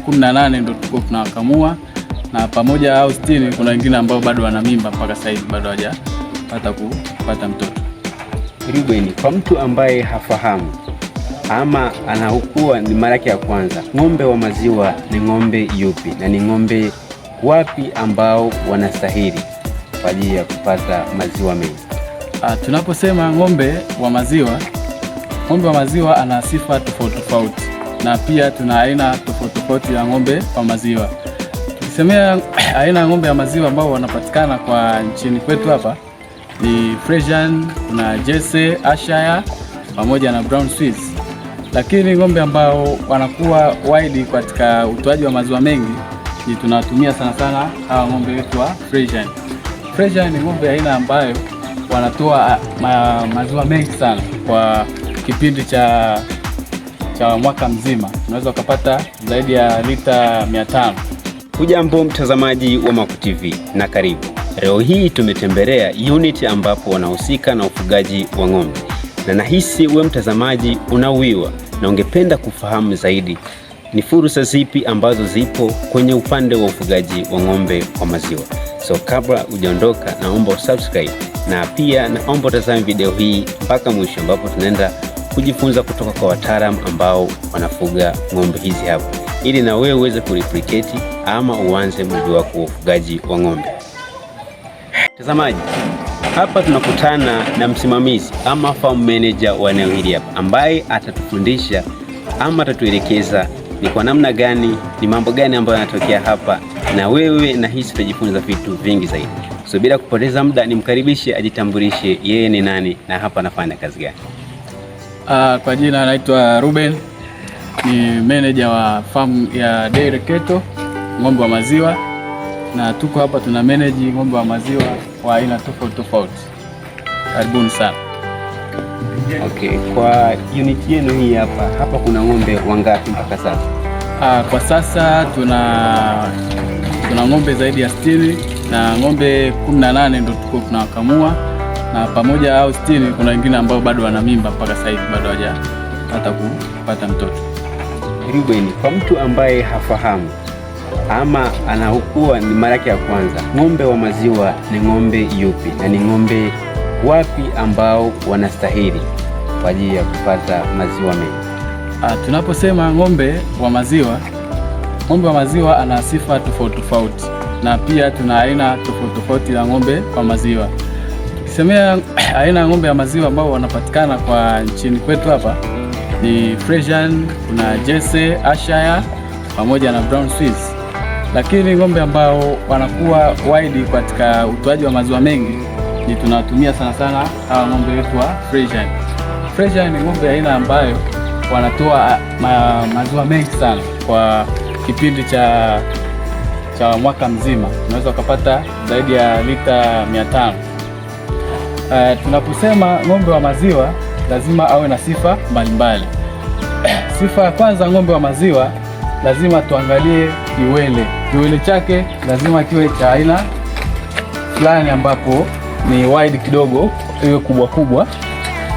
kumi na nane ndo tuko tunawakamua na pamoja au sitini. Kuna wengine ambao bado wana mimba mpaka sasa hivi bado hawajapata kupata mtoto. Ruben, kwa mtu ambaye hafahamu ama anakuwa ni mara yake ya kwanza, ng'ombe wa maziwa ni ng'ombe yupi na ni ng'ombe wapi ambao wanastahili kwa ajili ya kupata maziwa mengi? Ah, tunaposema ng'ombe wa maziwa, ng'ombe wa maziwa ana sifa tofauti tofauti na pia tuna aina tofauti tofauti ya ng'ombe wa maziwa. Tukisemea aina ya ng'ombe ya maziwa ambao wanapatikana kwa nchini kwetu hapa ni Friesian, kuna Jersey, Ayrshire pamoja na Brown Swiss, lakini ng'ombe ambao wanakuwa wide katika utoaji wa maziwa mengi ni tunatumia sana sana hawa ng'ombe wetu wa Friesian. Friesian ni ng'ombe aina ambayo wanatoa ah, ma, maziwa mengi sana kwa kipindi cha cha mwaka mzima, unaweza ukapata zaidi ya lita 500. Hujambo mtazamaji wa Maco TV na karibu. Leo hii tumetembelea unit ambapo wanahusika na ufugaji wa ng'ombe, na nahisi we mtazamaji unauiwa na ungependa kufahamu zaidi ni fursa zipi ambazo zipo kwenye upande wa ufugaji wa ng'ombe wa maziwa. So kabla hujaondoka, naomba usubscribe na pia naomba utazame video hii mpaka mwisho ambapo tunaenda kujifunza kutoka kwa wataalamu ambao wanafuga ng'ombe hizi hapo, ili na wewe uweze kureplicate ama uanze mwili wako wa ufugaji wa ng'ombe. Mtazamaji, hapa tunakutana na msimamizi ama farm manager wa eneo hili hapa, ambaye atatufundisha ama atatuelekeza ni kwa namna gani, ni mambo gani ambayo yanatokea hapa, na wewe hisi utajifunza vitu vingi zaidi. So bila kupoteza muda, nimkaribishe ajitambulishe, yeye ni nani na hapa anafanya kazi gani. Uh, kwa jina anaitwa Ruben ni meneja wa famu ya Dairy Keto ng'ombe wa maziwa, na tuko hapa tuna manage ng'ombe wa maziwa wa aina tofauti tofauti. Karibuni sana. Okay, kwa unit yenu hii hapa hapa kuna ng'ombe wangapi mpaka sasa? Uh, kwa sasa tuna tuna ng'ombe zaidi ya 60 na ng'ombe 18 ndio tuko tunawakamua na pamoja au sitini, kuna wengine ambao bado wana mimba mpaka sasa hivi bado hata kupata mtoto. Ruben, kwa mtu ambaye hafahamu ama anakuwa ni mara yake ya kwanza, ng'ombe wa maziwa ni ng'ombe yupi na ni ng'ombe wapi ambao wanastahili kwa ajili ya kupata maziwa mengi? Ah, tunaposema ng'ombe wa maziwa, ng'ombe wa maziwa ana sifa tofauti tofauti, na pia tuna aina tofauti tofauti ya ng'ombe wa maziwa. Kisemea aina ya ng'ombe ya maziwa ambao wanapatikana kwa nchini kwetu hapa ni Fresian, kuna Jersey, Ashire pamoja na Brown Swiss, lakini ng'ombe ambao wanakuwa wide katika utoaji wa maziwa mengi ni tunatumia sana sana hawa ng'ombe wetu wa Fresian. Fresian ni ng'ombe aina ambayo wanatoa ma, maziwa mengi sana kwa kipindi cha, cha mwaka mzima, unaweza ukapata zaidi ya lita 500. Uh, tunaposema ng'ombe wa maziwa lazima awe na sifa mbalimbali. Sifa ya kwanza, ng'ombe wa maziwa lazima tuangalie kiwele. Kiwele chake lazima kiwe cha aina fulani ambapo ni wide kidogo, iwe kubwa kubwa,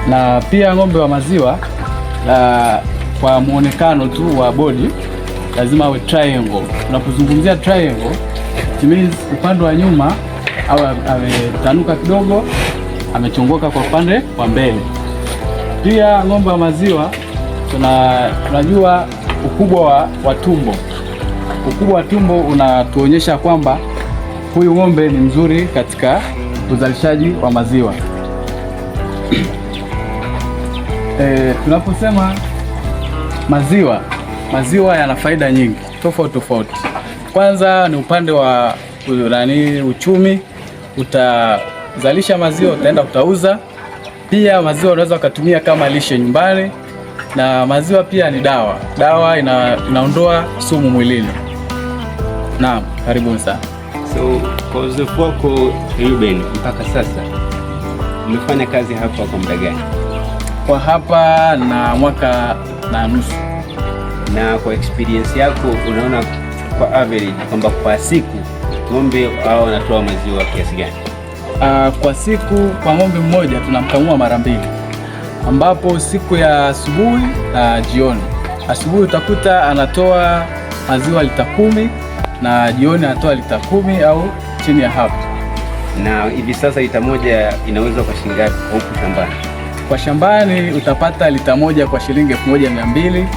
na pia ng'ombe wa maziwa la, kwa muonekano tu wa bodi lazima awe triangle. Tunapozungumzia triangle, it means upande wa nyuma awe ametanuka kidogo amechongoka kwa upande wa mbele. Pia ng'ombe wa maziwa tunajua ukubwa wa, wa tumbo. Ukubwa wa tumbo unatuonyesha kwamba huyu ng'ombe ni mzuri katika uzalishaji wa maziwa. E, tunaposema maziwa, maziwa yana faida nyingi tofauti tofauti. Kwanza ni upande wa nani, uchumi uta zalisha maziwa, utaenda kutauza Pia maziwa unaweza ukatumia kama lishe nyumbani, na maziwa pia ni dawa. Dawa ina, inaondoa sumu mwilini. Naam, karibuni sana. So kwa uzoefu wako Ruben, mpaka sasa umefanya kazi hapa kwa muda gani? Kwa hapa na mwaka na nusu. Na kwa experience yako unaona kwa average kwamba kwa siku ng'ombe hao wanatoa maziwa kiasi gani? Uh, kwa siku kwa ng'ombe mmoja tunamkamua mara mbili, ambapo siku ya asubuhi na jioni. Asubuhi utakuta anatoa maziwa lita kumi na jioni anatoa lita kumi au chini ya hapo. Na hivi sasa lita moja inauzwa kwa shilingi ngapi huku shambani? Kwa shambani utapata lita moja kwa shilingi elfu moja mia mbili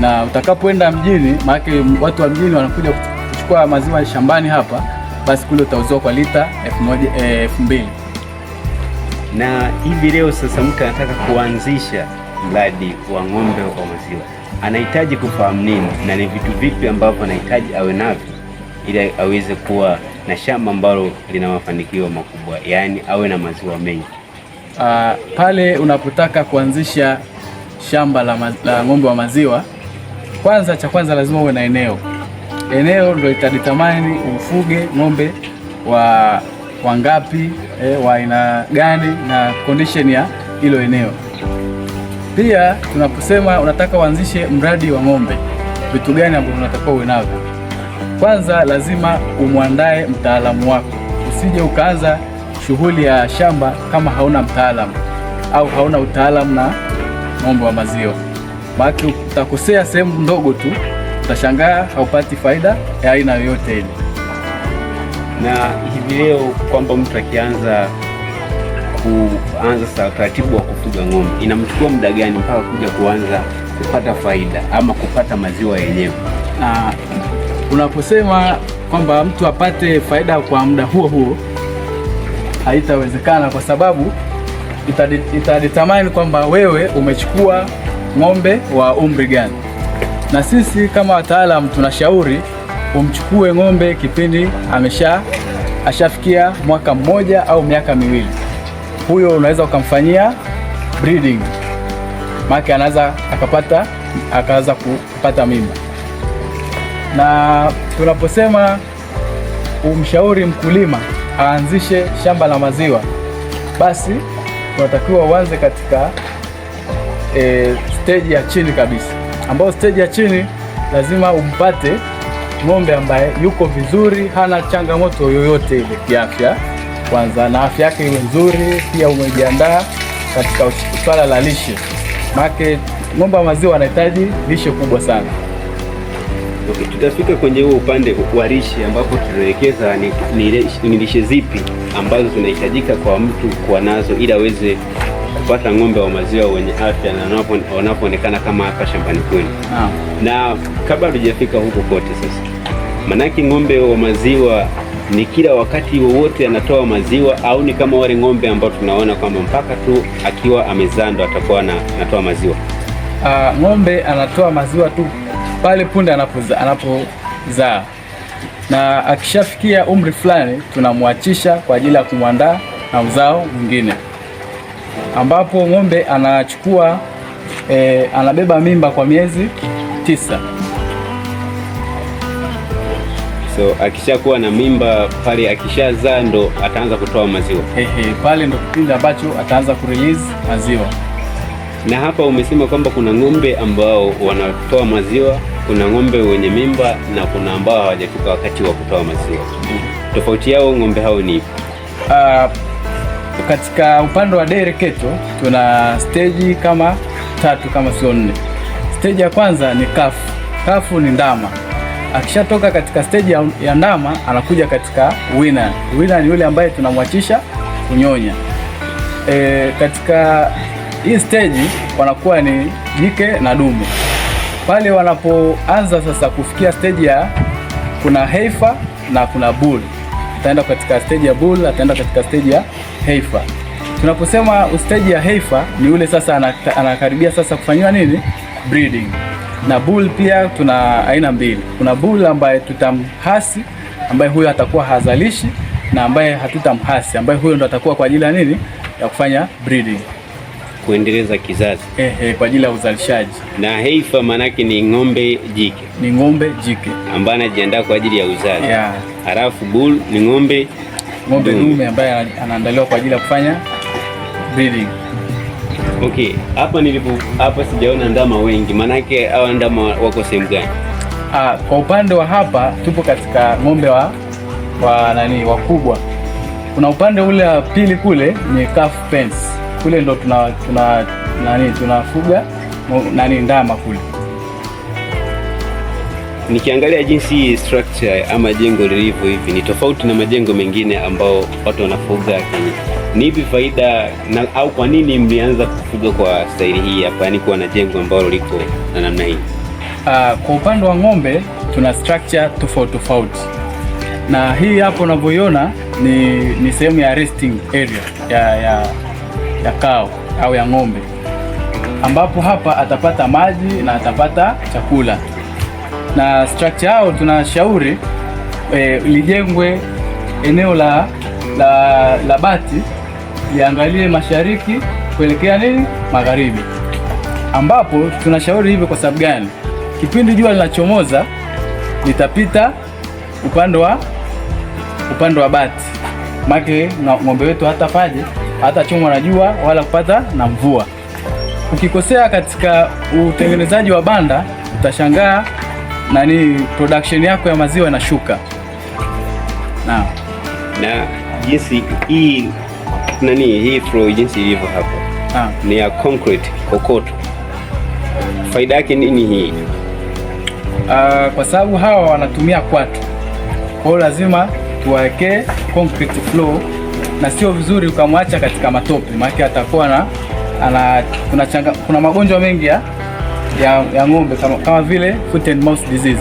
na utakapoenda mjini, maana watu wa mjini wanakuja kuchukua maziwa shambani hapa basi kule utauziwa kwa lita elfu moja eh, elfu mbili na hivi leo sasa, mtu anataka kuanzisha mradi wa ng'ombe wa maziwa anahitaji kufahamu nini na ni vitu vipi ambavyo anahitaji awe navyo ili aweze kuwa na shamba ambalo lina mafanikio makubwa, yaani awe na maziwa mengi? Uh, pale unapotaka kuanzisha shamba la, la ng'ombe wa maziwa, kwanza cha kwanza lazima uwe na eneo eneo ndio itaditamani ufuge ng'ombe wa wangapi, eh, wa aina gani na condition ya hilo eneo. Pia tunaposema unataka uanzishe mradi wa ng'ombe, vitu gani ambavyo unatakiwa uwe navyo? Kwanza lazima umwandae mtaalamu wako, usije ukaanza shughuli ya shamba kama hauna mtaalamu au hauna utaalamu na ng'ombe wa maziwa, maana utakosea sehemu ndogo tu utashangaa haupati faida ya aina yoyote ile. Na hivi leo kwamba mtu akianza kuanza sa taratibu wa kufuga ng'ombe inamchukua muda gani mpaka kuja kuanza kupata faida ama kupata maziwa yenyewe? Na unaposema kwamba mtu apate faida kwa muda huo huo haitawezekana, kwa sababu itadetermine kwamba wewe umechukua ng'ombe wa umri gani na sisi kama wataalam tunashauri umchukue ng'ombe kipindi amesha ashafikia mwaka mmoja au miaka miwili. Huyo unaweza ukamfanyia breeding, maana anaweza akapata akaanza kupata mimba. Na tunaposema umshauri mkulima aanzishe shamba la maziwa, basi unatakiwa uanze katika e, stage ya chini kabisa ambao stage ya chini lazima umpate ng'ombe ambaye yuko vizuri, hana changamoto yoyote ile kiafya, kwanza na afya yake iwe nzuri, pia umejiandaa katika swala la lishe, maana ng'ombe wa maziwa anahitaji lishe kubwa sana. Okay, tutafika kwenye huo upande wa lishe ambapo tutaelekeza ni lishe zipi ambazo zinahitajika kwa mtu kuwa nazo ili aweze kupata ng'ombe wa maziwa wenye afya na wanapoonekana kama hapa shambani kwenu. Na kabla hatujafika huko kote sasa, manake ng'ombe wa maziwa ni kila wakati wowote anatoa maziwa au ni kama wale ng'ombe ambao tunaona kwamba mpaka tu akiwa amezaa ndo atakuwa anatoa maziwa? Uh, ng'ombe anatoa maziwa tu pale punde anapozaa anapo na akishafikia umri fulani tunamwachisha kwa ajili ya kumwandaa na uzao mwingine ambapo ng'ombe anachukua e, anabeba mimba kwa miezi tisa. So akishakuwa na mimba pale, akishazaa ndo ataanza kutoa maziwa. Ehe, pale ndo kipindi ambacho ataanza kurelease maziwa. Na hapa umesema kwamba kuna ng'ombe ambao wanatoa maziwa, kuna ng'ombe wenye mimba na kuna ambao hawajafika wakati wa kutoa maziwa. Mm. Tofauti yao ng'ombe hao ni uh, katika upande wa Dereketo tuna steji kama tatu kama sio nne. Steji ya kwanza ni kafu. Kafu ni ndama. Akishatoka katika steji ya ndama anakuja katika wina. Wina ni yule ambaye tunamwachisha kunyonya. E, katika hii steji wanakuwa ni jike na dume. Pale wanapoanza sasa kufikia steji ya kuna heifa na kuna buli ataenda katika stage ya bull, ataenda katika stage ya heifer. Tunaposema stage ya heifer ni ule sasa anakaribia sasa kufanywa nini breeding. Na bull pia tuna aina mbili, kuna bull ambaye tutamhasi, ambaye huyo atakuwa hazalishi na ambaye hatutamhasi, ambaye huyo ndo atakuwa kwa ajili ya nini ya kufanya breeding kuendeleza kizazi eh, eh, kwa ajili ya uzalishaji. Na heifa maanake ni ng'ombe jike, ni ng'ombe jike ambaye anajiandaa kwa ajili ya uzazi yeah halafu bull ni ng'ombe ng'ombe dume ambaye anaandaliwa kwa ajili ya kufanya breeding. Okay, hapa nilipo hapa sijaona ndama wengi, maanake hawa ndama wako sehemu gani? Ah, kwa upande wa hapa tupo katika ng'ombe wa, wa nani wakubwa. Kuna upande ule wa pili kule ni calf pens, kule ndo tuna, tuna, nani tunafuga nani ndama kule Nikiangalia jinsi hii structure ama jengo lilivyo hivi ni tofauti na majengo mengine ambao watu wanafuga Kenya. Ni ipi faida na, au kwa nini mlianza kufuga kwa staili hii hapa, yani kuwa na jengo ambalo liko na namna hii? Uh, kwa upande wa ng'ombe tuna structure tofauti tofauti, na hii hapo unavyoiona ni, ni sehemu ya resting area ya, ya, ya kao au ya ng'ombe, ambapo hapa atapata maji na atapata chakula na structure yao tunashauri e, lijengwe eneo la, la, la bati liangalie mashariki kuelekea nini magharibi, ambapo tunashauri hivyo kwa sababu gani? Kipindi jua linachomoza litapita upande wa upande wa bati, make ng'ombe wetu hata faje hata chomwa na jua wala kupata na mvua. Ukikosea katika utengenezaji wa banda utashangaa nani production yako ya maziwa inashuka na na jinsi hii nani hii flow jinsi ilivyo hapo ni ya concrete kokoto. Faida yake nini hii? Uh, kwa sababu hawa wanatumia kwatu, kwa hiyo lazima tuwawekee concrete flow, na sio vizuri ukamwacha katika matope, maana atakuwa na ana, kuna, changa, kuna magonjwa mengi ya ya, ya ng'ombe kama, kama vile foot and mouth disease,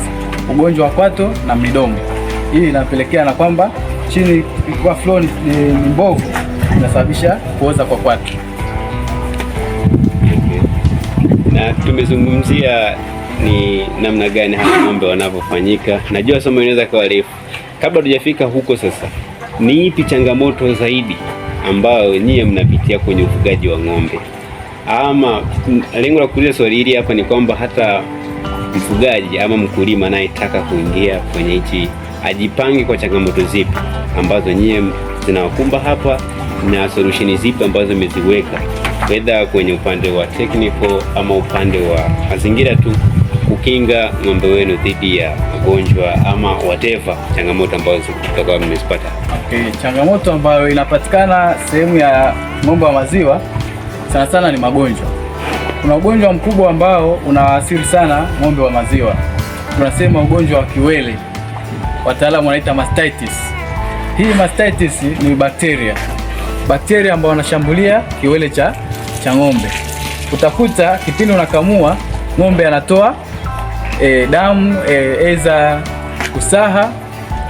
ugonjwa wa kwato na midomo. Hii inapelekea na kwamba chini kwa flow ni mbovu, inasababisha kuoza kwa kwato. Na tumezungumzia ni namna gani hao ng'ombe wanavyofanyika. Najua somo inaweza kuwa refu. Kabla hatujafika huko, sasa ni ipi changamoto zaidi ambayo nyie mnapitia kwenye ufugaji wa ng'ombe? ama lengo la kuuliza swali hili hapa ni kwamba hata mfugaji ama mkulima anayetaka kuingia kwenye hichi ajipange kwa changamoto zipi ambazo nyie zinawakumba hapa na solution zipi ambazo mmeziweka, wedha kwenye upande wa technical ama upande wa mazingira tu, kukinga ng'ombe wenu dhidi ya magonjwa ama whatever changamoto ambazo mtakawa mmezipata. Okay, changamoto ambayo inapatikana sehemu ya ng'ombe wa maziwa sana sana ni magonjwa. Kuna ugonjwa mkubwa ambao unawaathiri sana ng'ombe wa maziwa, tunasema ugonjwa wa kiwele, wataalamu wanaita mastitis. Hii mastitis ni bakteria, bakteria ambao wanashambulia kiwele cha, cha ng'ombe. Utakuta kipindi unakamua ng'ombe anatoa e, damu e, eza usaha.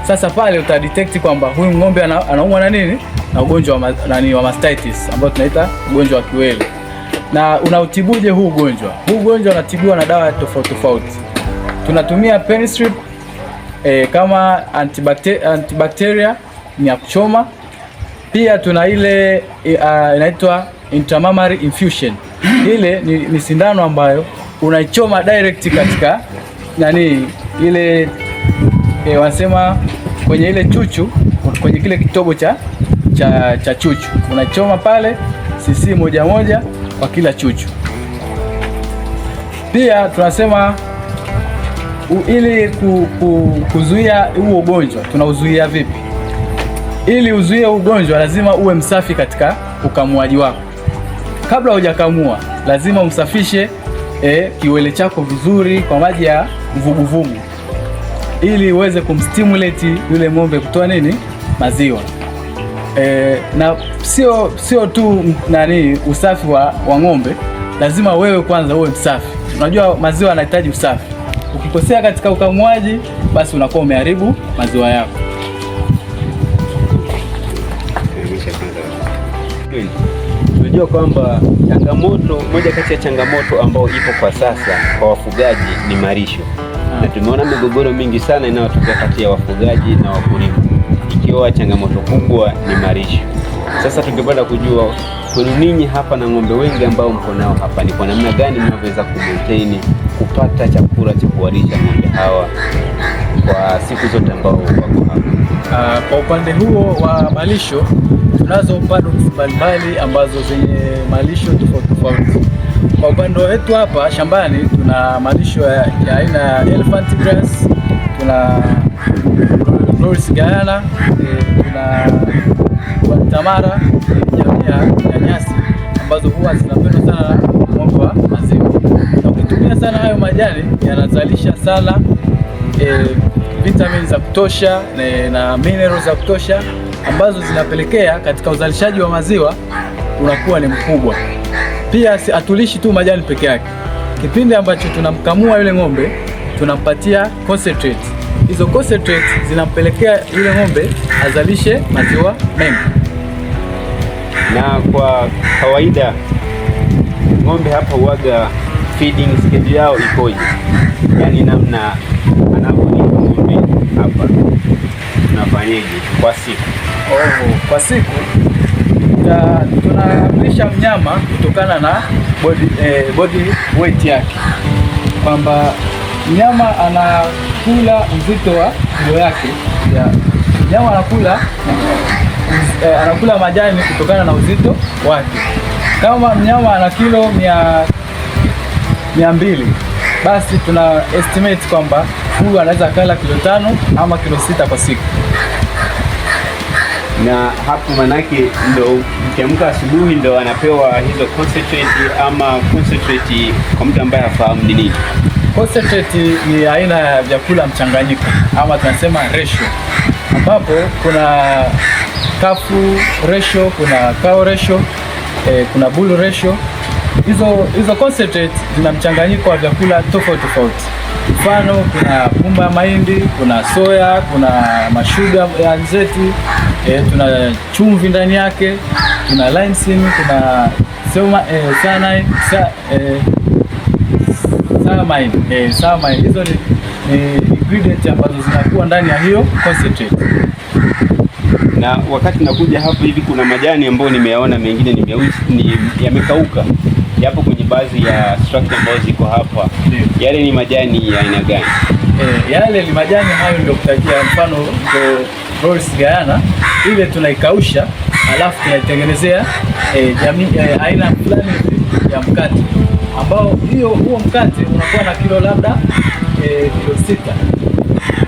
Sasa pale utadetect kwamba huyu ng'ombe anaumwa na nini na ugonjwa wa, nani, wa mastitis ambao tunaita ugonjwa wa kiwele. Na unautibuje huu ugonjwa? Huu ugonjwa unatibiwa na dawa tofauti tofauti. Tunatumia penicillin e, kama antibacteria, antibacteria ni ya kuchoma. Pia tuna ile uh, inaitwa intramammary infusion. Ile ni, ni sindano ambayo unaichoma direct katika nani ile e, wanasema kwenye ile chuchu kwenye kile kitobo cha cha, cha chuchu unachoma pale sisi moja moja kwa kila chuchu. Pia tunasema ili ku, ku, kuzuia huo ugonjwa tunauzuia vipi? Ili uzuie ugonjwa lazima uwe msafi katika ukamuaji wako. Kabla hujakamua lazima umsafishe eh, kiwele chako vizuri kwa maji ya vuguvugu, ili uweze kumstimulate yule ng'ombe kutoa nini maziwa e, na sio sio tu nani usafi wa, wa ng'ombe, lazima wewe kwanza uwe msafi. Unajua maziwa yanahitaji usafi. Ukikosea katika ukamuaji, basi unakuwa umeharibu maziwa yako. Tunajua kwamba changamoto moja kati ya changamoto ambayo ipo kwa sasa kwa wafugaji ni malisho, ah. na tumeona migogoro mingi sana inayotokea kati ya wafugaji na wakulima mlioa, changamoto kubwa ni malisho. Sasa tungependa kujua kwenu ninyi hapa na ng'ombe wengi ambao mko nao hapa, ni kwa namna gani mnavyoweza kumaintain kupata chakula cha kuwalisha ng'ombe hawa kwa siku zote ambao wako hapa? Ah, kwa upande huo wa malisho, tunazo bado mbalimbali ambazo zenye malisho tofauti tofauti. Kwa upande wetu hapa shambani tuna malisho ya aina ya elephant grass, tuna Florence Gayala, kuna Tamara jamii ya nyasi ambazo huwa zinapendwa sana ng'ombe maziwa, na ukitumia sana hayo majani yanazalisha sana e, vitamini za kutosha na, na minerals za kutosha ambazo zinapelekea katika uzalishaji wa maziwa unakuwa ni mkubwa. Pia hatulishi tu majani peke yake, kipindi ambacho tunamkamua yule ng'ombe tunampatia concentrate hizo concentrate zinampelekea yule ng'ombe azalishe maziwa mengi. Na kwa kawaida ng'ombe hapa huaga feeding schedule yao ikoje? Yaani namna anavyoliwa ng'ombe hapa tunafanyaje kwa siku? Oh, kwa siku tunamlisha mnyama kutokana na body, eh, body weight yake kwamba mnyama ana anakula uzito wa kilo yake yeah. Nyama anakula eh, anakula majani kutokana na uzito wake. Kama mnyama ana kilo mia, mia mbili basi tuna estimate kwamba huyu anaweza kala kilo tano ama kilo sita kwa siku na hapo manake ndo mkiamka asubuhi ndo anapewa hizo concentrate ama concentrate kwa mtu ambaye hafahamu ni nini. Concentrate ni aina ya vyakula mchanganyiko ama tunasema ratio, ambapo kuna kafu ratio, kuna cow ratio, eh, kuna bull ratio. Hizo hizo concentrate zina mchanganyiko wa vyakula tofauti tofauti Mfano kuna pumba ya mahindi, kuna soya, kuna mashuga ya nzeti e, tuna chumvi ndani yake, tuna linsin, kuna soma, e, sana, sa, e, Salamine. e, salamine. Hizo ni, e, ingredient ambazo zinakuwa ndani ya hiyo concentrate. Na wakati nakuja hapa hivi kuna majani ambayo nimeyaona mengine ni yamekauka yapo kwenye baadhi ya structure ambazo ziko hapa. Yale ni majani ya aina gani? E, yale ni majani hayo ndio kutajia mfano Rhodes Gayana ile tunaikausha, alafu tunaitengenezea e, e, aina fulani ya mkate ambao hiyo huo mkate unakuwa na kilo labda e, kilo sita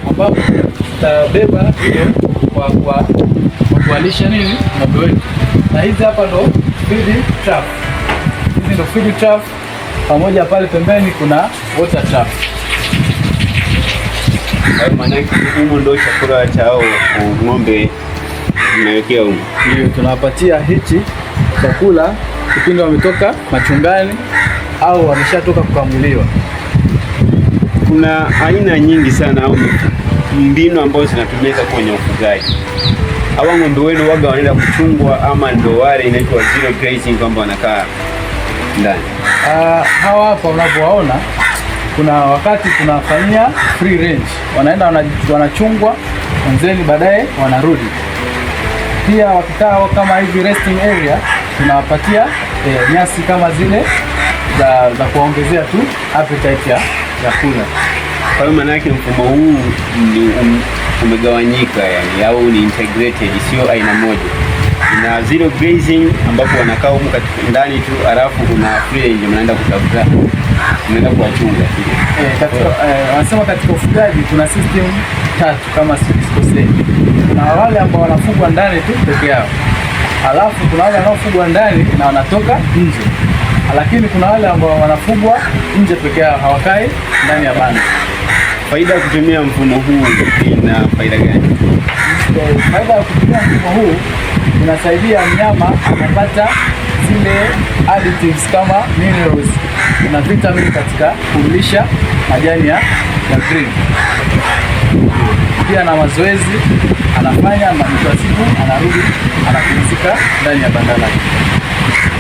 ambapo tutabeba hiyo kwa kwa kualisha nini ng'ombe wetu, na hizi hapa ndo feed trap ndo field turf, pamoja pale pembeni kuna water turf. Maanake ndo chakula cha ng'ombe mnawekea Ndio, tunawapatia hichi chakula kipindi wametoka machungani au wameshatoka kukamuliwa. Kuna aina nyingi sana au mbinu ambazo zinatumika kwenye ufugaji. Hawa ng'ombe wenu waga wanaenda kuchungwa ama ndo wale inaitwa zero grazing kwamba wanakaa ndani. Ah, hawa hapa unavyowaona, kuna wakati tunafanyia free range, wanaenda wanachungwa wanzeni, baadaye wanarudi. Pia wakitao kama hivi resting area tunawapatia eh, nyasi kama zile za, za kuongezea tu appetite ya chakula. Kwa hiyo maana yake mfumo huu ni um, umegawanyika yani, au ni integrated, sio aina moja na zero grazing ambapo wanakaa huko katika ndani tu, alafu kuna free range mnaenda kutafuta, mnaenda kuwachunga. Eh, katika eh, wanasema katika ufugaji kuna system tatu kama sikosei, na wale ambao wanafugwa ndani tu peke yao, alafu kuna wale wanaofugwa ndani na wanatoka nje, lakini kuna wale ambao wanafugwa nje peke yao, hawakai ndani ya banda. Faida ya kutumia mfumo huu ina faida gani? Faida ya kutumia mfumo huu inasaidia mnyama anapata zile additives kama minerals na vitamin katika kumlisha majani ya green. Pia na mazoezi anafanya na mwisho wa siku anarudi anapumzika ndani ya banda lake.